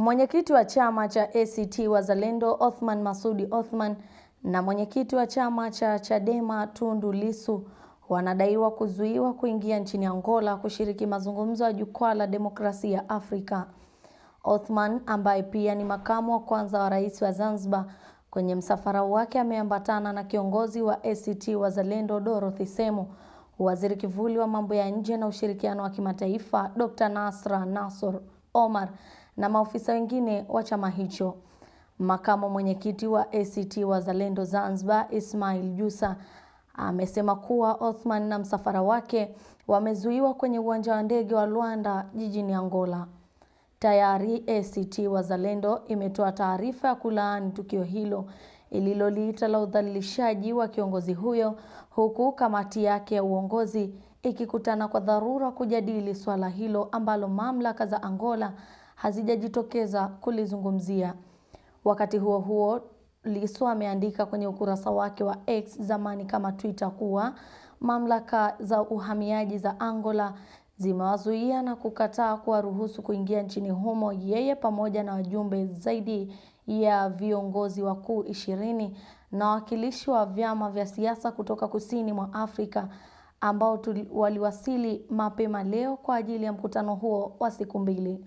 Mwenyekiti wa chama cha ACT Wazalendo Othman Masudi Othman na mwenyekiti wa chama cha Chadema Tundu Lissu wanadaiwa kuzuiwa kuingia nchini Angola kushiriki mazungumzo ya jukwaa la demokrasia Afrika. Othman ambaye pia ni makamu wa kwanza wa rais wa Zanzibar, kwenye msafara wake ameambatana na kiongozi wa ACT Wazalendo Dorothy Semu, waziri kivuli wa mambo ya nje na ushirikiano wa kimataifa Dr. Nasra Nassor Omar na maofisa wengine wa chama hicho. Makamu mwenyekiti wa ACT Wazalendo Zanzibar, Ismail Jusa, amesema kuwa Othman na msafara wake wamezuiwa kwenye uwanja wa ndege wa Luanda jijini Angola. Tayari ACT Wazalendo imetoa taarifa ya kulaani tukio hilo ililoliita la udhalilishaji wa kiongozi huyo, huku kamati yake ya uongozi ikikutana kwa dharura kujadili swala hilo ambalo mamlaka za Angola hazijajitokeza kulizungumzia. Wakati huo huo, Lissu ameandika kwenye ukurasa wake wa X zamani kama Twitter kuwa mamlaka za uhamiaji za Angola zimewazuia na kukataa kuwaruhusu kuingia nchini humo yeye pamoja na wajumbe zaidi ya viongozi wakuu ishirini na wawakilishi wa vyama vya siasa kutoka kusini mwa Afrika ambao waliwasili mapema leo kwa ajili ya mkutano huo wa siku mbili.